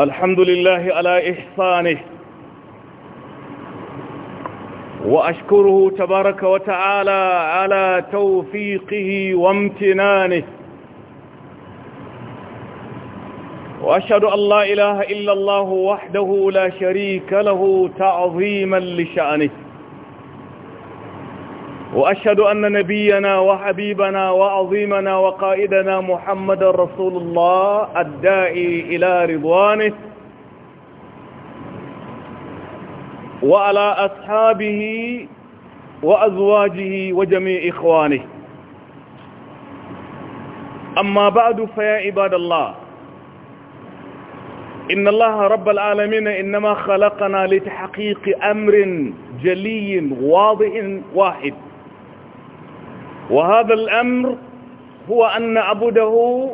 الحمد لله على إحسانه وأشكره تبارك وتعالى على توفيقه وامتنانه وأشهد أن لا إله إلا الله وحده لا شريك له تعظيما لشأنه وأشهد أن نبينا وحبيبنا وعظيمنا وقائدنا محمد رسول الله الداعي إلى رضوانه وعلى أصحابه وأزواجه وجميع إخوانه أما بعد فيا عباد الله إن الله رب العالمين إنما خلقنا لتحقيق أمر جلي واضح واحد وهذا الأمر هو أن نعبده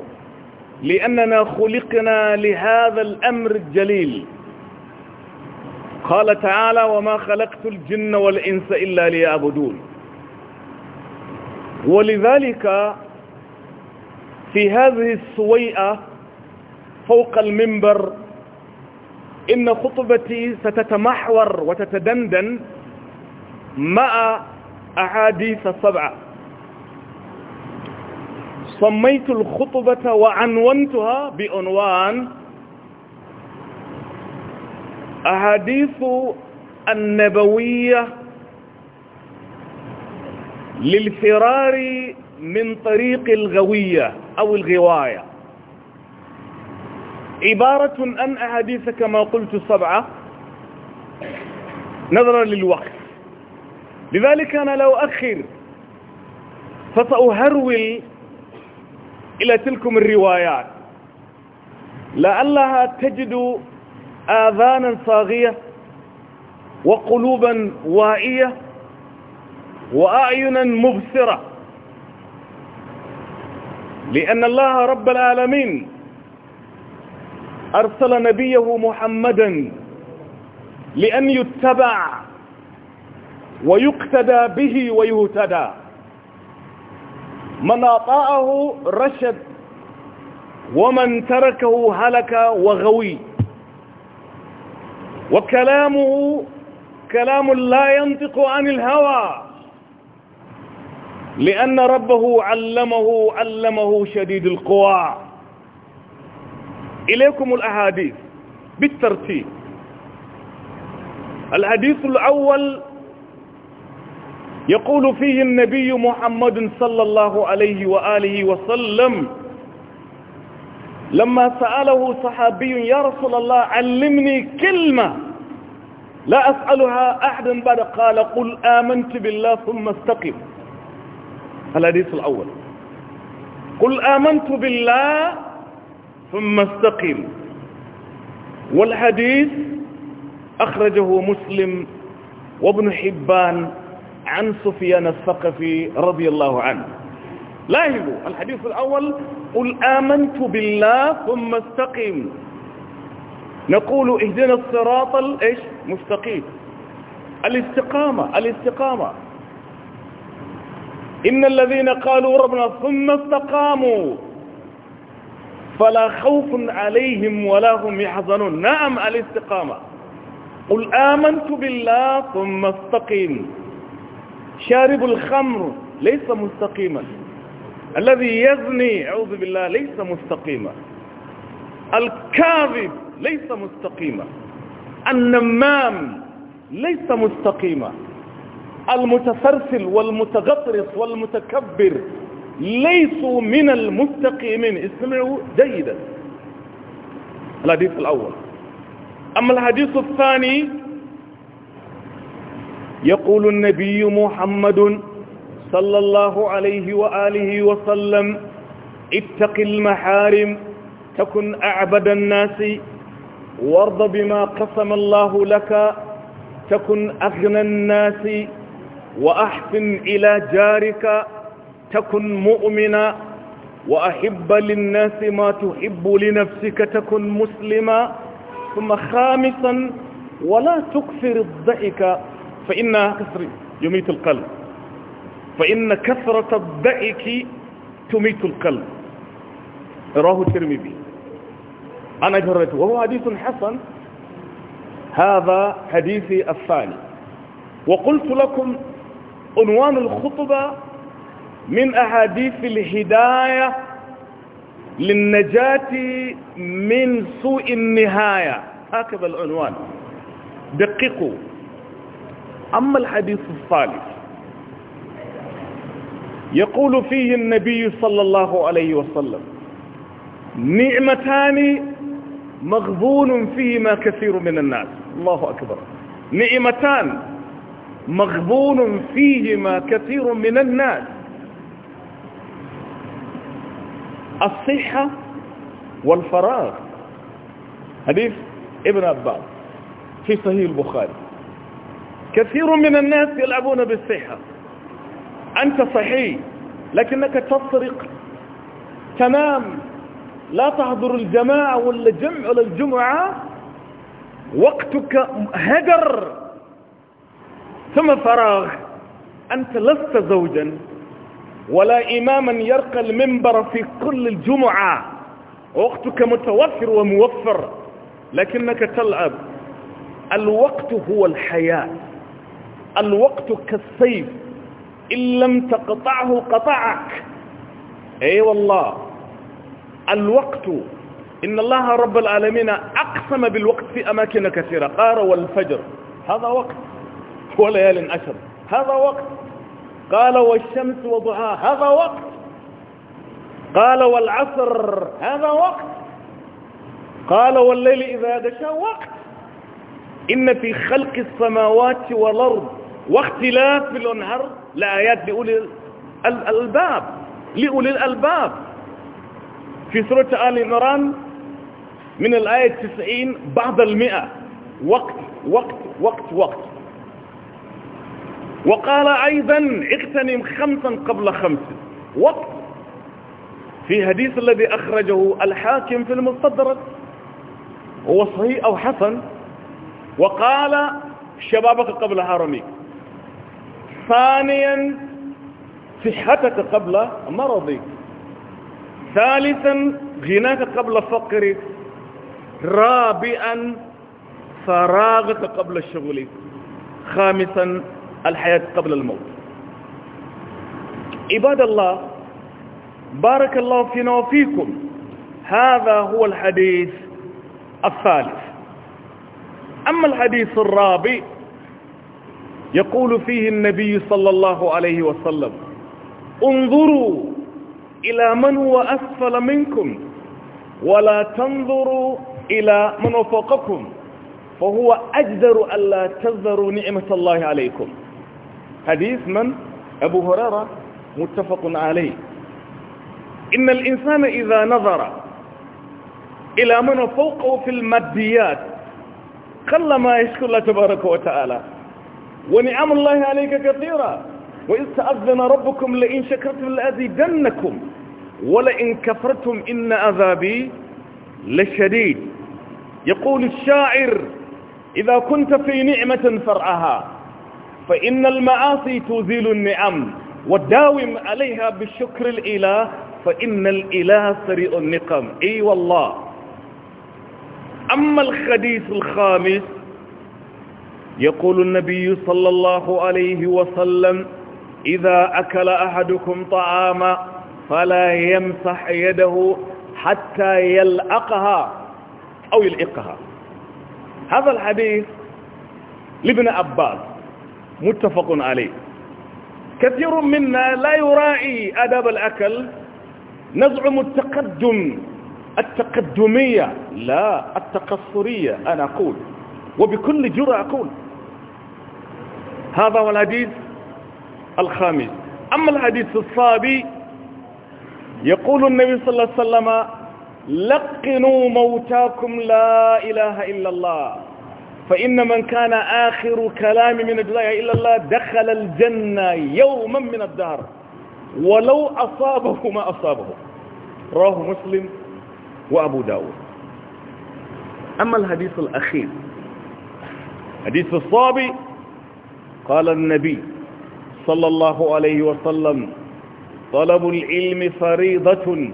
لأننا خلقنا لهذا الأمر الجليل قال تعالى وما خلقت الجن والإنس إلا ليعبدون ولذلك في هذه السويئة فوق المنبر إن خطبتي ستتمحور وتتدندن مع أحاديث السبعة سميت الخطبة وعنونتها بعنوان أحاديث النبوية للفرار من طريق الغوية أو الغواية عبارة عن أحاديث كما قلت سبعة نظرا للوقت لذلك أنا لو أخر فسأهرول إلى تلكم الروايات لعلها تجد آذانا صاغية وقلوبا وائية وأعينا مبصرة لأن الله رب العالمين أرسل نبيه محمدا لأن يتبع ويقتدى به ويهتدى من أطاعه رشد ومن تركه هلك وغوي وكلامه كلام لا ينطق عن الهوى لأن ربه علمه علمه شديد القوى إليكم الأحاديث بالترتيب الحديث الأول يقول فيه النبي محمد صلى الله عليه وآله وسلم لما سأله صحابي يا رسول الله علمني كلمة لا أسألها أحدا بعد قال قل آمنت بالله ثم استقم الحديث الأول قل آمنت بالله ثم استقم والحديث أخرجه مسلم وابن حبان عن سفيان الثقفي رضي الله عنه لاحظوا الحديث الأول قل آمنت بالله ثم استقم نقول اهدنا الصراط الايش مستقيم الاستقامة الاستقامة إن الذين قالوا ربنا ثم استقاموا فلا خوف عليهم ولا هم يحزنون نعم الاستقامة قل آمنت بالله ثم استقيم شارب الخمر ليس مستقيما الذي يزني أعوذ بالله ليس مستقيما الكاذب ليس مستقيما النمام ليس مستقيما المتسرسل والمتغطرس والمتكبر ليسوا من المستقيمين اسمعوا جيدا الحديث الأول أما الحديث الثاني يقول النبي محمد صلى الله عليه وآله وسلم اتق المحارم تكن أعبد الناس وارض بما قسم الله لك تكن أغنى الناس وأحسن إلى جارك تكن مؤمنا وأحب للناس ما تحب لنفسك تكن مسلما ثم خامسا ولا تكثر الضحك فإن يميت القلب فإن كثرة الدعك تميت القلب رواه الترمذي أنا جرته وهو حديث حسن هذا حديثي الثاني وقلت لكم عنوان الخطبة من أحاديث الهداية للنجاة من سوء النهاية هكذا العنوان دققوا أما الحديث الثالث يقول فيه النبي صلى الله عليه وسلم نعمتان مغبون فيهما كثير من الناس الله أكبر نعمتان مغبون فيهما كثير من الناس الصحة والفراغ حديث ابن عباس في صحيح البخاري كثير من الناس يلعبون بالصحة أنت صحي لكنك تسرق تنام لا تحضر الجماعة ولا جمع ولا الجمعة وقتك هدر ثم فراغ أنت لست زوجا ولا إماما يرقى المنبر في كل الجمعة وقتك متوفر وموفر لكنك تلعب الوقت هو الحياة الوقت كالسيف إن لم تقطعه قطعك أي أيوة والله الوقت إن الله رب العالمين أقسم بالوقت في أماكن كثيرة قال والفجر هذا وقت وليال عشر هذا وقت قال والشمس وضعها هذا وقت قال والعصر هذا وقت قال والليل إذا دشى وقت إن في خلق السماوات والأرض واختلاف في الأنهار لآيات لأولي الألباب لأولي الألباب في سورة آل عمران من الآية 90 بعد المئة وقت وقت وقت وقت وقال أيضا اغتنم خمسا قبل خمس وقت في حديث الذي أخرجه الحاكم في المستدرك هو صحيح أو حسن وقال شبابك قبل هارميك ثانيا صحتك قبل مرضك ثالثا غناك قبل فقرك رابعا فراغك قبل الشغل خامسا الحياة قبل الموت عباد الله بارك الله فينا وفيكم هذا هو الحديث الثالث أما الحديث الرابع يقول فيه النبي صلى الله عليه وسلم انظروا إلى من هو أسفل منكم ولا تنظروا إلى من فوقكم فهو أجدر ألا تذروا نعمة الله عليكم حديث من أبو هريرة متفق عليه إن الإنسان إذا نظر إلى من فوقه في الماديات قل ما يشكر الله تبارك وتعالى ونعم الله عليك كثيرة وإذ تأذن ربكم لئن شكرتم لأزيدنكم ولئن كفرتم إن عذابي لشديد يقول الشاعر إذا كنت في نعمة فرعها فإن المعاصي تزيل النعم وداوم عليها بالشكر الإله فإن الإله سريع النقم أي أيوة والله أما الخديث الخامس يقول النبي صلى الله عليه وسلم إذا أكل أحدكم طعاما فلا يمسح يده حتى يلأقها أو يلأقها هذا الحديث لابن عباس متفق عليه كثير منا لا يراعي آداب الأكل نزعم التقدم التقدمية لا التقصرية أنا أقول وبكل جرأة أقول هذا هو الحديث الخامس أما الحديث الصابي يقول النبي صلى الله عليه وسلم لقنوا موتاكم لا إله إلا الله فإن من كان آخر كلام من لا إلا الله دخل الجنة يوما من الدهر ولو أصابه ما أصابه رواه مسلم وأبو داود أما الحديث الأخير حديث الصابي قال النبي صلى الله عليه وسلم طلب العلم فريضة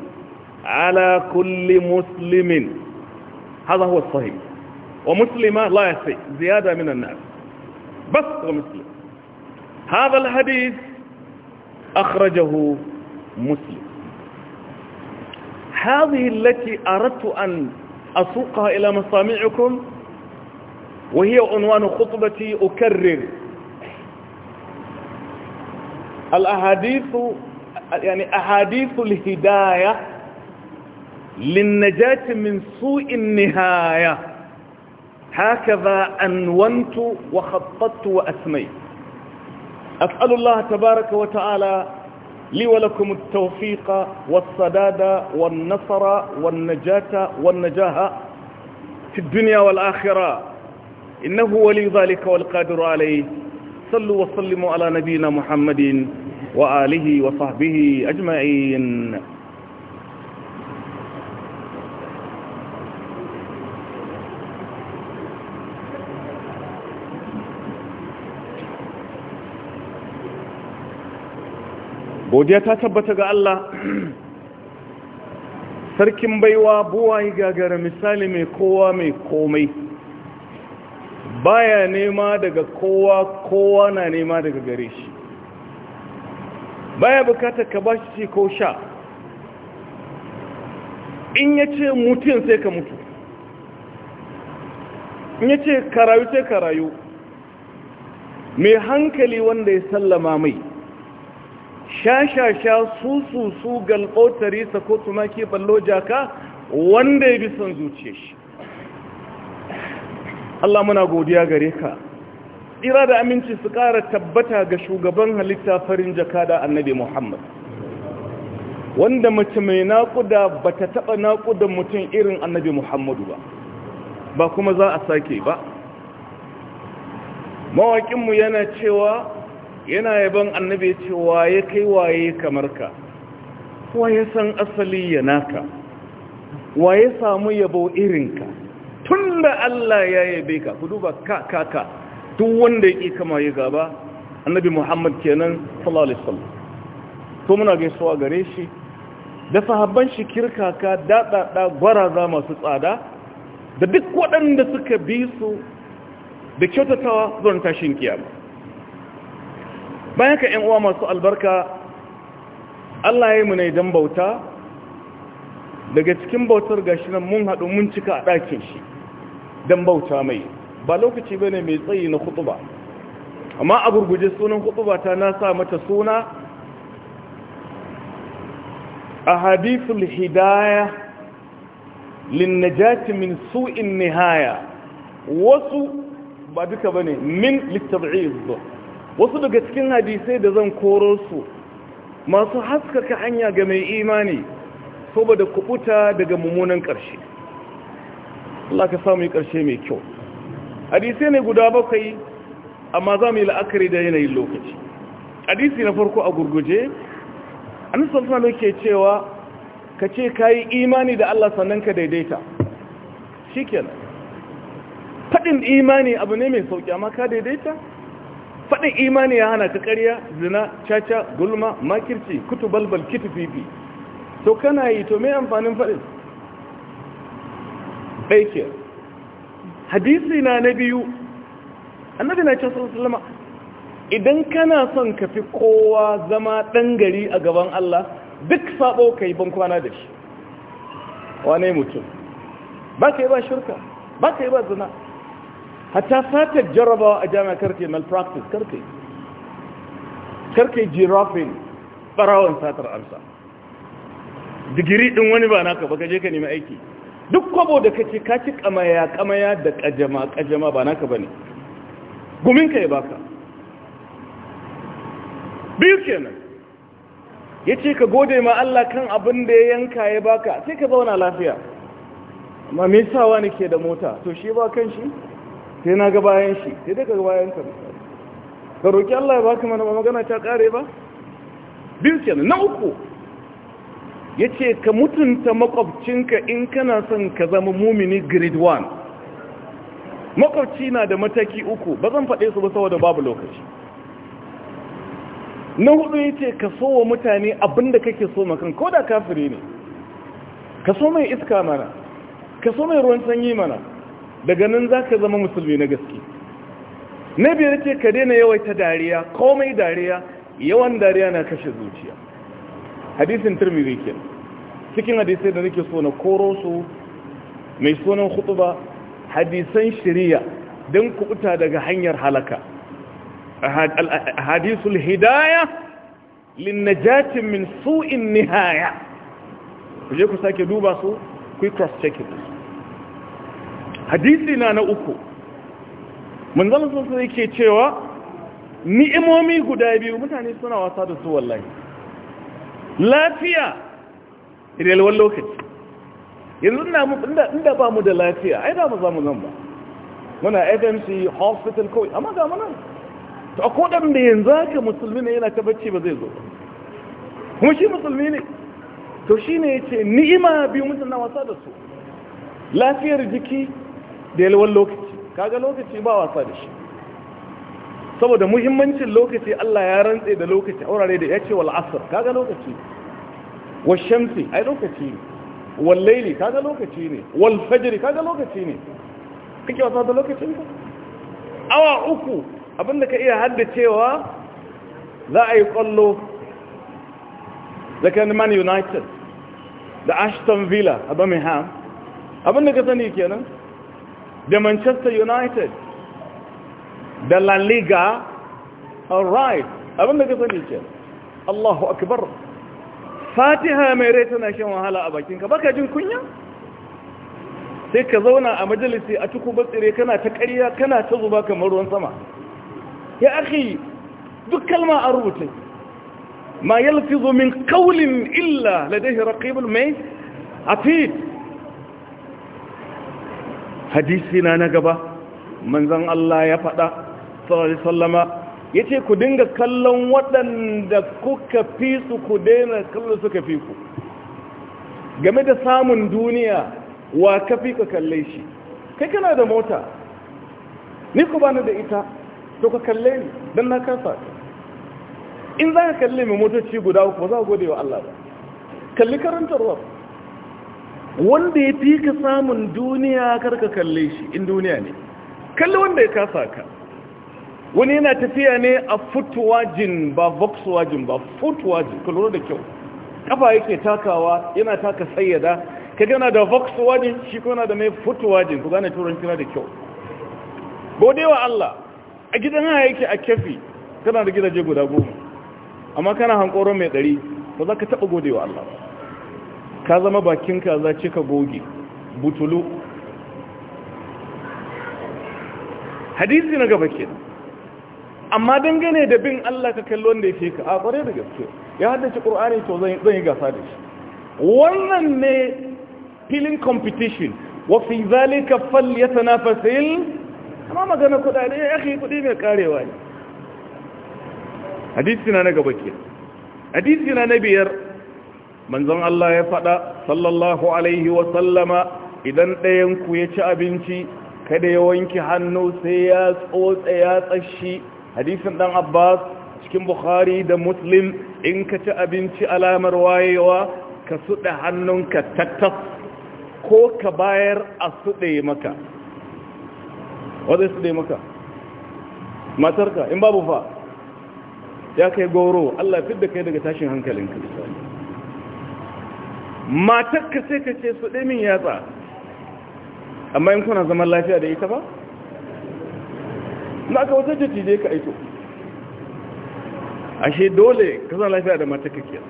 على كل مسلم هذا هو الصحيح ومسلمة لا يسيء زيادة من الناس بس ومسلم هذا الحديث أخرجه مسلم هذه التي أردت أن أسوقها إلى مسامعكم وهي عنوان خطبتي أكرر الأحاديث يعني أحاديث الهداية للنجاة من سوء النهاية هكذا أنونت وخططت وأسميت أسأل الله تبارك وتعالى لي ولكم التوفيق والسداد والنصر والنجاة والنجاة في الدنيا والآخرة إنه ولي ذلك والقادر عليه صلوا وسلموا على نبينا محمد وآله وصحبه أجمعين godiya ta tabbata ga Allah sarkin baiwa buwaye gagara misali mai kowa mai komai baya nema daga kowa kowa na nema daga gare shi baya bukata ka ba shi ko sha in ya ce mutum sai ka mutu in ya ce karayu sai karayu mai hankali wanda ya sallama mai sha-sha-sha su-su-su tarisa, sako tumaki ballo jaka wanda ya bi son zuciya shi Allah muna godiya gare ka tsira da aminci su ƙara tabbata ga shugaban halitta farin jakada annabi Muhammad wanda mace mai naƙuda ba ta taɓa naƙudan mutum irin annabi Muhammadu ba ba kuma za a sake ba mawaƙinmu yana cewa yana yaban annabi cewa ya kai waye kamar ka waye san asali ya naka waye samu yabo irinka tun Allah ya yabe ka ku duba ka ka ka tun wanda ya yake kama ya gaba annabi Muhammad kenan sallallahu alaihi to muna gaisuwa gare shi da sahabban shi kirka kirkaka daɗaɗa gwaraza masu tsada da duk waɗanda suka bi su da kyautatawa zuwan tashin kiyama bayan ka ƴan uwa masu albarka Allah ya yi mu ne dan bauta daga cikin bautar gashi nan mun haɗu mun cika a ɗakin shi don bauta mai ba lokaci ba ne mai tsayi na kutuba amma a gurguje sunan kutuba ta nasa mata suna a hadithul hidaya linnajati min su'in nihaya wasu ba duka ba ne min littabi'iz wasu daga cikin hadisai da zan koro su masu haskaka hanya ga mai imani saboda kubuta daga mummunan ƙarshe Allah ka samu yi ƙarshe mai kyau hadisai ne guda bakwai amma za mu yi la'akari da yanayin lokaci hadisi na farko a gurguje an sultano ke cewa ka ce ka yi imani da Allah sannan ka daidaita shi kenan faɗin imani abu ne mai sauƙi amma ka daidaita faɗin imani ya hana ka ƙarya zina caca gulma makirci kutu kitu fifi? to kana yi to mai amfanin faɗin ɗai ke hadisi na na biyu annabi na cikin sallama idan kana son ka fi kowa zama ɗan gari a gaban Allah duk sabo ka yi ban kwana da shi wane mutum ba ka yi ba shirka ba ka yi ba zina hatta sata jarabawa a jami'a karke malpractice karke karke jirafin ɓarawon satar amsa digiri ɗin wani ba naka ba ka je ka nemi aiki duk kwabo da ka ka ci kamaya kamaya da kajama kajama ba naka ba ne. guminka ya baka biyu kenan ya ce ka gode ma Allah kan abin da ya yanka ya baka sai ka zauna lafiya amma mai sawa ne ke da mota to shi ba kan shi sai na ga bayan shi sai daga bayan ka ka roƙi Allah ya baka mana magana ta kare ba biyu kenan na uku ya ce ka mutunta makwabcinka in kana son ka zama mumini grade 1 makwabci na da mataki uku ba zan faɗe su ba saboda babu lokaci na hudu ya ce ka sowa mutane abinda kake so makan ko da kafiri ne ka so mai iska mana ka so mai ruwan sanyi mana daga nan za ka zama musulmi na gaske na biyar ce ka daina yawaita dariya komai dariya yawan dariya na kashe zuciya hadisin tirmidhi ke cikin hadisai da nake so na koro su mai sunan khutba hadisan shari'a don kubuta daga hanyar halaka hadisul hidaya lin najat min su'in nihaya je ku sake duba su ku cross check it hadisi na na uku manzon sun ke cewa ni'imomi guda biyu mutane suna wasa da su wallahi lafiya yalwar lokaci yanzu inda ba mu da lafiya ai da mu za mu zan ba muna fmc hospital kawai amma ga mana to a kodan da yanzu haka musulmi ne yana ta ba zai zo kuma shi musulmi ne to shi ne ya ce ni'ima biyu mutum na wasa da su lafiyar jiki da yalwar lokaci kaga lokaci ba wasa da shi saboda muhimmancin lokaci Allah ya rantse da lokaci wurare da ya ce wal asr kaga lokaci wal shamsi ai lokaci ne wal laili kaga lokaci ne wal fajr kaga lokaci ne kike wasa da lokacin ka awa uku abinda ka iya haddacewa za a yi kwallo tsakanin man united da ashton villa a birmingham abinda ka sani kenan da manchester united da la liga alright abin da ka sani ce Allahu akbar fatiha mai rai tana shan wahala a bakinka baka jin kunya sai ka zauna a majalisi a tuku batsire kana ta ƙarya kana ta zuba kamar ruwan sama ya akhi duk kalma a rubuta ma yalfizu min qawlin illa ladayhi raqibul mai afid hadisi na na gaba manzan Allah ya faɗa sallallahu ya ce ku dinga kallon waɗanda kuka fi su ku daina kallon suka fi ku game da samun duniya wa ka fi ka kalle shi kai kana da mota ni ku bani da ita to ka kalle ni don na kasa in za ka kalle mai motoci guda uku za gode wa Allah ba kalli karantarwar wanda ya fi ka samun duniya karka kalle shi in duniya ne kalli wanda ya kasa ka wani yana tafiya ne a footwajin ba volkswagen ba footwajin ka lura da kyau kafa yake takawa yana taka sayyada ka gana da volkswagen shi kuna da mai footwajin ku gane turanci na da kyau Gode wa Allah a gidan haya yake a kefi kana da gidaje guda goma amma kana hankoron mai ɗari ba za ka taɓa wa Allah ka zama bakin kaza za ce ka goge butulu hadisi na gaba ke amma dangane da bin Allah ka kallo wanda ya fi ka a kware da gaske ya haddace qur'ani to zan yi gasa da shi wannan ne filin competition fi zalika fal ya amma magana kudade ya eh, akhi kudi mai karewa ne hadisi na na gaba ke hadisi na na biyar manzon Allah ya fada sallallahu alaihi wa sallama idan ɗayanku ya ci abinci kada ya wanke hannu sai ya tsotsa ya tsashi hadisin dan abbas cikin bukhari da muslim in ka ci abinci alamar wayewa ka suɗa hannunka tattaf ko ka bayar a suɗe maka wadda suɗe maka matarka in babu fa ya kai goro allah fi da kai daga tashin hankalinka matarka sai ka ce suɗe min yatsa amma in kuna zaman lafiya da ita ba na aka wata ya ka aito ashe dole ka zan lafiya da mata kakiyar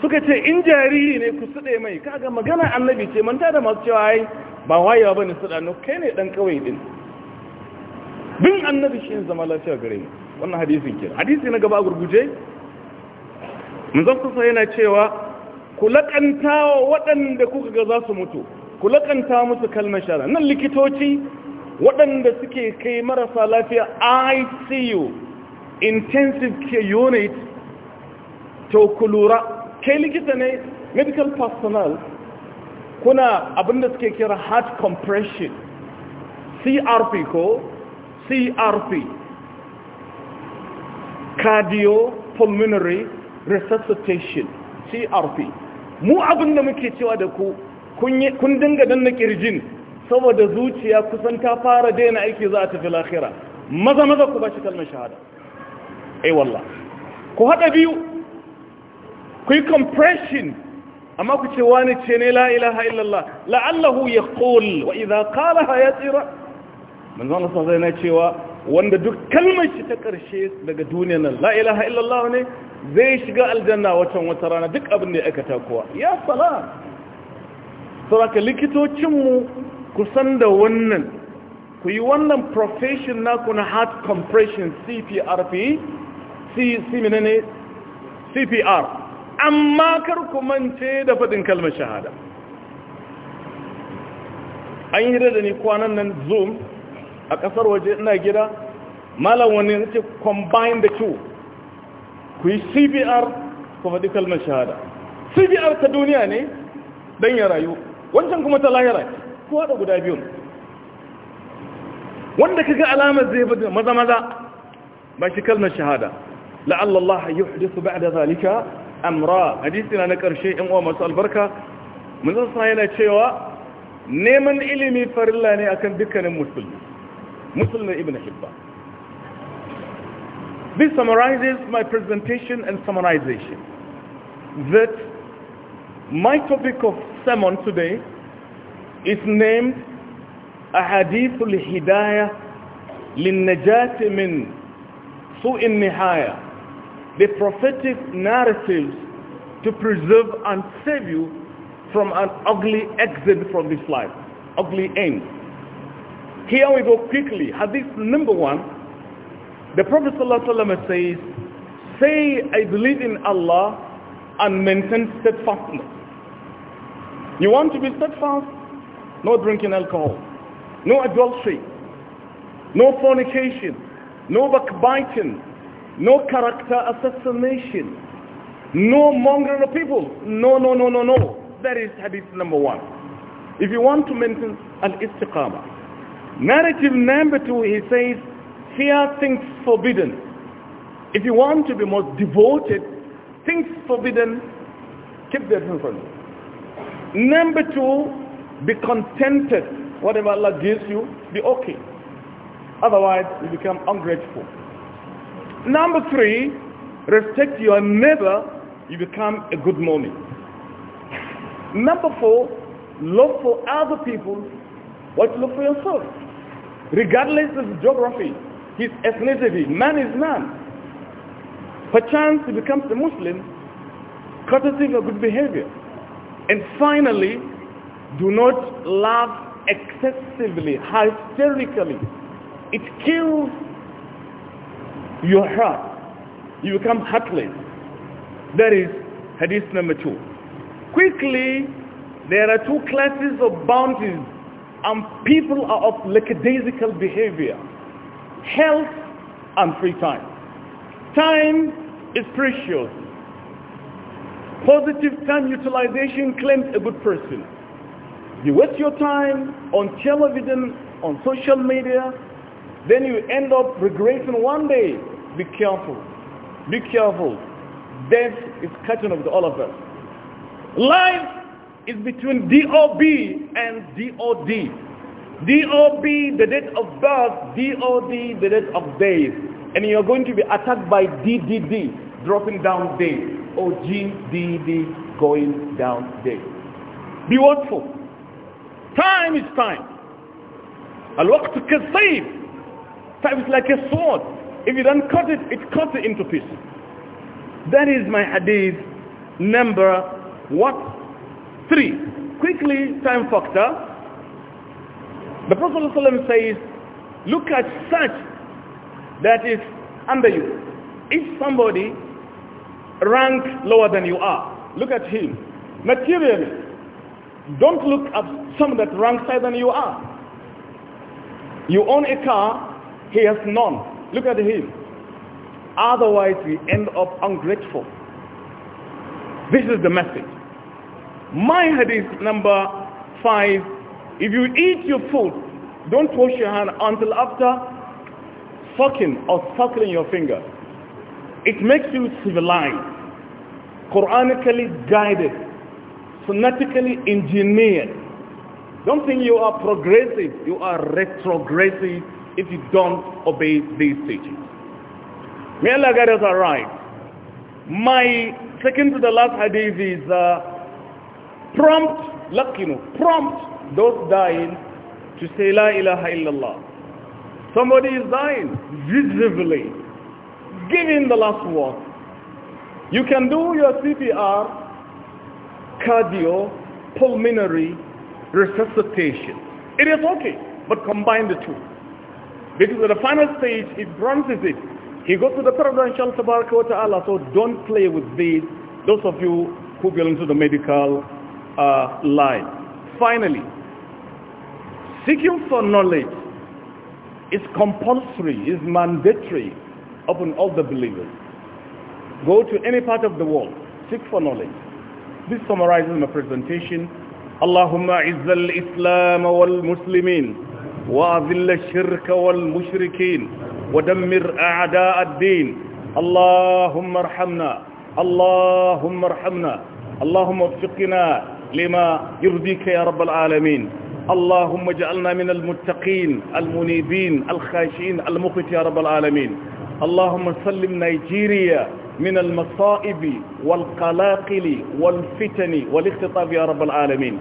suka ce in jariri ne ku suɗe mai kaga magana annabi ce manta da masu cewa ai ba wayewa ba ne suɗano kai ne ɗan kawai din bin annabi shi ne zama lafiya gare mu wannan hadisin kira hadisi na gaba a gurguje mun zan kusa yana cewa ku laƙanta wa waɗanda kuka ga za su mutu ku lakanta musu kalmar shara nan likitoci waɗanda suke kai marasa lafiya ICU intensive care unit to ku lura kai likita ne medical personnel kuna abinda suke kira heart compression CRP ko CRP cardiopulmonary resuscitation CRP mu abinda muke cewa da ku kun dinga danna kirjin saboda zuciya kusan ta fara daina aiki za a tafi lahira maza maza ku ba shi kalmar shahada ai wallah ku haɗa biyu ku yi compression amma ku ce wani ce ne la ilaha illallah la'allahu ya ƙol wa idha qalaha ya tsira manzon Allah sai na cewa wanda duk kalmar shi ta ƙarshe daga duniyar nan la ilaha illallah ne zai shiga aljanna wacan wata rana duk abin da ya aikata kuwa ya salam saboda likitocinmu ku san da wannan ku yi wannan profession naku na heart compression cprp ne cpr amma kar ku mance da faɗin kalmar shahada an yi da ni kwanan nan zoom a ƙasar waje ina gida malam wani ce combine the two ku yi cpr ku faɗi kalmar shahada cpr ta duniya ne don ya rayu wancan kuma ta lahira ko da guda biyun wanda kaga alamar zai bi maza maza ba shi kalmar shahada la Allah yuhdithu ba'da zalika amra hadisi na karshe in uwa masu albarka mun san sai yana cewa neman ilimi farilla ne akan dukkanin musulmi musulmi ibn hibba this summarizes my presentation and summarization that My topic of sermon today is named أحاديث hidayah للنجاة من سوء النهاية The prophetic narratives to preserve and save you from an ugly exit from this life, ugly end. Here we go quickly. Hadith number one, the Prophet ﷺ says, say I believe in Allah and maintain steadfastness. You want to be steadfast? No drinking alcohol, no adultery, no fornication, no backbiting, no character assassination, no mongering of people. No, no, no, no, no. That is hadith number one. If you want to maintain al-istiqamah. Narrative number two, he says, fear things forbidden. If you want to be most devoted, things forbidden, keep them from you. Number two, be contented. Whatever Allah gives you, be okay. Otherwise, you become ungrateful. Number three, respect your neighbor, you become a good morning. Number four, love for other people what you love for yourself. Regardless of geography, his ethnicity, man is man. Perchance he becomes a Muslim courtesy of good behavior. And finally, do not laugh excessively, hysterically. It kills your heart. You become heartless. That is hadith number two. Quickly, there are two classes of bounties and people are of lackadaisical behavior. Health and free time. Time is precious. Positive time utilization claims a good person. You waste your time on television, on social media, then you end up regretting one day. Be careful. Be careful. Death is cutting off all of us. Life is between DOB and DOD. DOB, the date of birth, DOD, the date of days. And you're going to be attacked by DDD, dropping down days. Ogdd going down there. Be watchful. Time is time. Al-waqt kasayf. Time is like a sword. If you don't cut it, it cuts it into pieces. That is my hadith number what? Three. Quickly, time factor. The Prophet ﷺ says, look at such that is under you. If somebody rank lower than you are. Look at him. Materially, don't look at someone that ranks higher than you are. You own a car, he has none. Look at him. Otherwise, we end up ungrateful. This is the message. My hadith number five, if you eat your food, don't wash your hand until after sucking or suckling your finger. It makes you civilized, Quranically guided, phonetically engineered. Don't think you are progressive. You are retrogressive if you don't obey these teachings. May Allah guide us My second to the last hadith is uh, prompt, know, prompt those dying to say La ilaha illallah. Somebody is dying visibly give him the last word. You can do your CPR, cardio, pulmonary resuscitation. It is okay, but combine the two. Because at the final stage, it bronzes it. He goes to the providential Tabarak wa ta'ala, so don't play with these, those of you who belong to the medical uh, line. Finally, seeking for knowledge is compulsory, is mandatory upon all the believers. Go to any part of the world. Seek for knowledge. This summarizes my presentation. Allahumma izzal islam wal muslimin wa azil shirk wal mushrikeen wa dammir a'da ad-deen. Allahumma arhamna. Allahumma arhamna. Allahumma afiqina lima yurdika ya rabbal alameen. al اجعلنا al المتقين al الخاشين المخت يا رب العالمين اللهم سلم نيجيريا من المصائب والقلاقل والفتن والاختطاف يا رب العالمين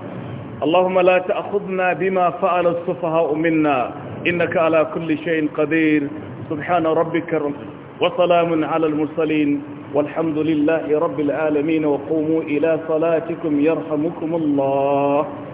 اللهم لا تأخذنا بما فعل السفهاء منا إنك على كل شيء قدير سبحان ربك وسلام على المرسلين والحمد لله رب العالمين وقوموا إلى صلاتكم يرحمكم الله